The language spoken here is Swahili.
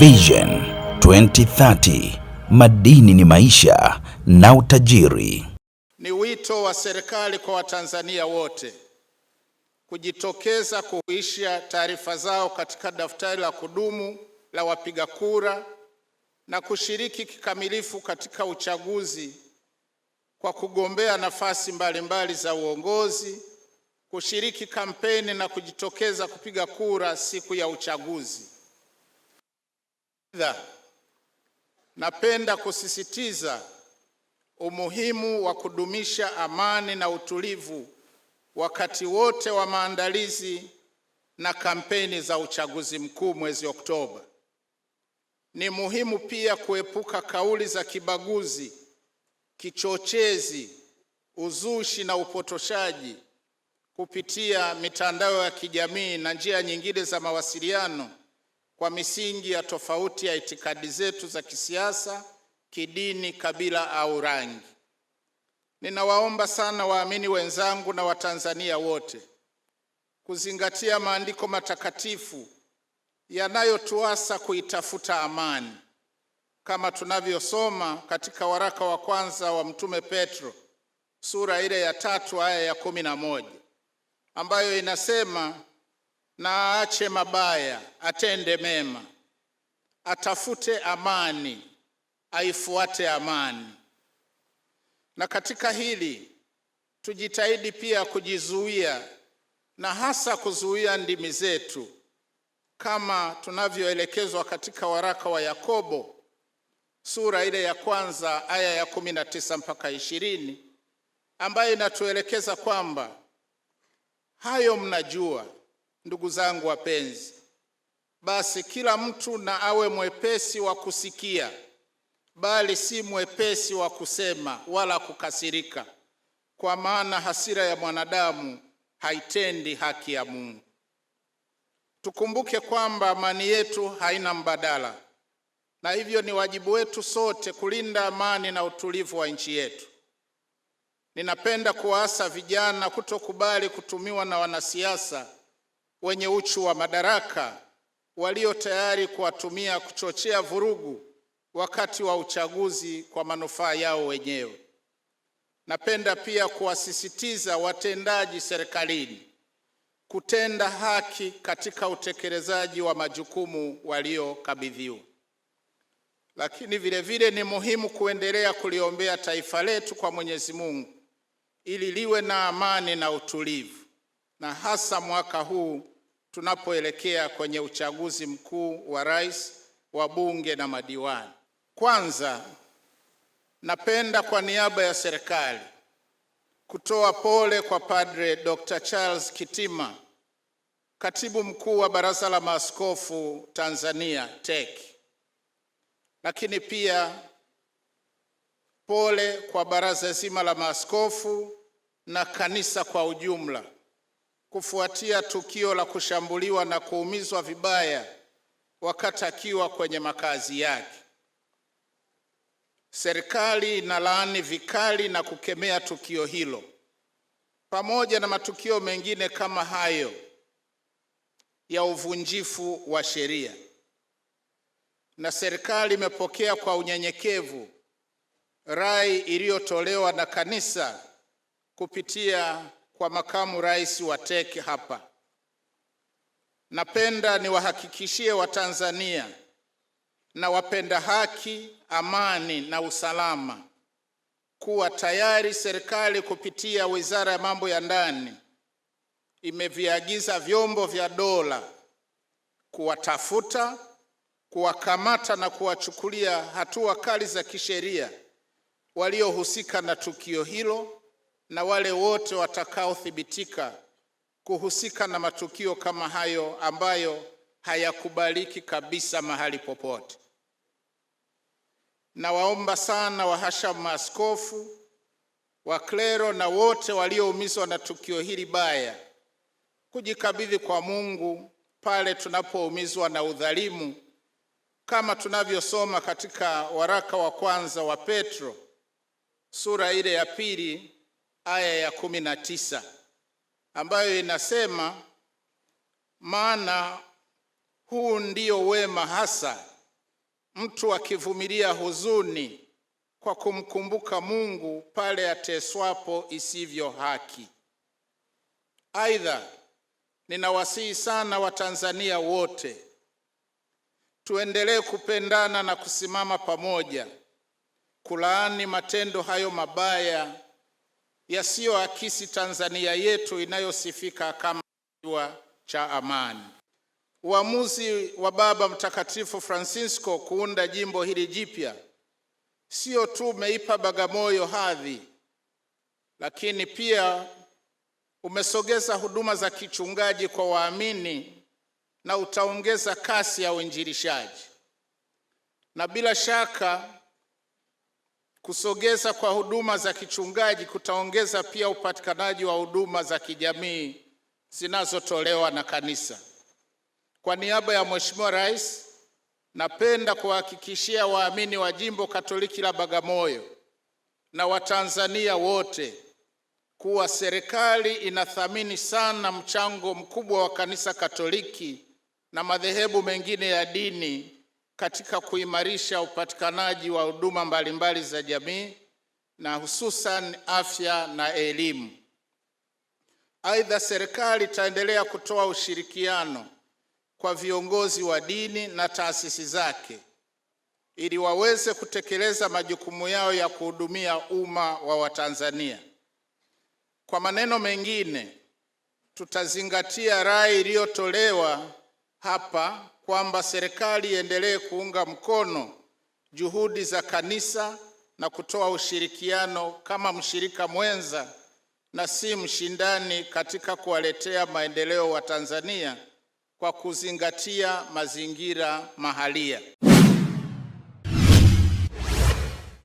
Vision 2030 madini ni maisha na utajiri. Ni wito wa serikali kwa Watanzania wote kujitokeza kuhuisha taarifa zao katika daftari la kudumu la wapiga kura na kushiriki kikamilifu katika uchaguzi kwa kugombea nafasi mbalimbali za uongozi, kushiriki kampeni na kujitokeza kupiga kura siku ya uchaguzi. Aidha, napenda kusisitiza umuhimu wa kudumisha amani na utulivu wakati wote wa maandalizi na kampeni za uchaguzi mkuu mwezi Oktoba. Ni muhimu pia kuepuka kauli za kibaguzi, kichochezi, uzushi na upotoshaji kupitia mitandao ya kijamii na njia nyingine za mawasiliano kwa misingi ya tofauti ya itikadi zetu za kisiasa, kidini, kabila au rangi. Ninawaomba sana waamini wenzangu na Watanzania wote kuzingatia maandiko matakatifu yanayotuasa kuitafuta amani kama tunavyosoma katika waraka wa kwanza wa Mtume Petro sura ile ya tatu aya ya kumi na moja ambayo inasema na aache mabaya, atende mema, atafute amani, aifuate amani. Na katika hili tujitahidi pia kujizuia na hasa kuzuia ndimi zetu, kama tunavyoelekezwa katika waraka wa Yakobo sura ile ya kwanza aya ya kumi na tisa mpaka ishirini ambayo inatuelekeza kwamba hayo mnajua Ndugu zangu wapenzi, basi kila mtu na awe mwepesi wa kusikia, bali si mwepesi wa kusema wala kukasirika, kwa maana hasira ya mwanadamu haitendi haki ya Mungu. Tukumbuke kwamba amani yetu haina mbadala, na hivyo ni wajibu wetu sote kulinda amani na utulivu wa nchi yetu. Ninapenda kuwaasa vijana kutokubali kutumiwa na wanasiasa wenye uchu wa madaraka walio tayari kuwatumia kuchochea vurugu wakati wa uchaguzi kwa manufaa yao wenyewe. Napenda pia kuwasisitiza watendaji serikalini kutenda haki katika utekelezaji wa majukumu waliokabidhiwa. Lakini vile vile ni muhimu kuendelea kuliombea taifa letu kwa Mwenyezi Mungu ili liwe na amani na utulivu na hasa mwaka huu tunapoelekea kwenye uchaguzi mkuu wa rais, wa bunge na madiwani. Kwanza, napenda kwa niaba ya serikali kutoa pole kwa Padre Dr. Charles Kitima, katibu mkuu wa Baraza la Maaskofu Tanzania TEC, lakini pia pole kwa baraza zima la maaskofu na kanisa kwa ujumla kufuatia tukio la kushambuliwa na kuumizwa vibaya wakati akiwa kwenye makazi yake. Serikali inalaani vikali na kukemea tukio hilo pamoja na matukio mengine kama hayo ya uvunjifu wa sheria, na serikali imepokea kwa unyenyekevu rai iliyotolewa na kanisa kupitia kwa makamu rais wa TEC hapa. Napenda niwahakikishie Watanzania na wapenda haki, amani na usalama kuwa tayari serikali kupitia Wizara ya Mambo ya Ndani imeviagiza vyombo vya dola kuwatafuta, kuwakamata na kuwachukulia hatua kali za kisheria waliohusika na tukio hilo na wale wote watakaothibitika kuhusika na matukio kama hayo ambayo hayakubaliki kabisa mahali popote. Nawaomba sana wahashamu maaskofu, waklero na wote walioumizwa na tukio hili baya kujikabidhi kwa Mungu pale tunapoumizwa na udhalimu kama tunavyosoma katika waraka wa kwanza wa Petro sura ile ya pili aya ya kumi na tisa ambayo inasema, maana huu ndio wema hasa, mtu akivumilia huzuni kwa kumkumbuka Mungu pale ateswapo isivyo haki. Aidha, ninawasihi sana Watanzania wote tuendelee kupendana na kusimama pamoja kulaani matendo hayo mabaya yasiyoakisi Tanzania yetu inayosifika kama kiwa cha amani. Uamuzi wa Baba Mtakatifu Francisco kuunda jimbo hili jipya sio tu umeipa Bagamoyo hadhi, lakini pia umesogeza huduma za kichungaji kwa waamini na utaongeza kasi ya uinjilishaji. Na bila shaka Kusogeza kwa huduma za kichungaji kutaongeza pia upatikanaji wa huduma za kijamii zinazotolewa na kanisa. Kwa niaba ya Mheshimiwa Rais, napenda kuhakikishia waamini wa Jimbo Katoliki la Bagamoyo na Watanzania wote kuwa serikali inathamini sana mchango mkubwa wa kanisa Katoliki na madhehebu mengine ya dini katika kuimarisha upatikanaji wa huduma mbalimbali za jamii na hususan afya na elimu. Aidha, serikali itaendelea kutoa ushirikiano kwa viongozi wa dini na taasisi zake ili waweze kutekeleza majukumu yao ya kuhudumia umma wa Watanzania. Kwa maneno mengine, tutazingatia rai iliyotolewa hapa kwamba serikali iendelee kuunga mkono juhudi za kanisa na kutoa ushirikiano kama mshirika mwenza na si mshindani katika kuwaletea maendeleo wa Tanzania kwa kuzingatia mazingira mahalia.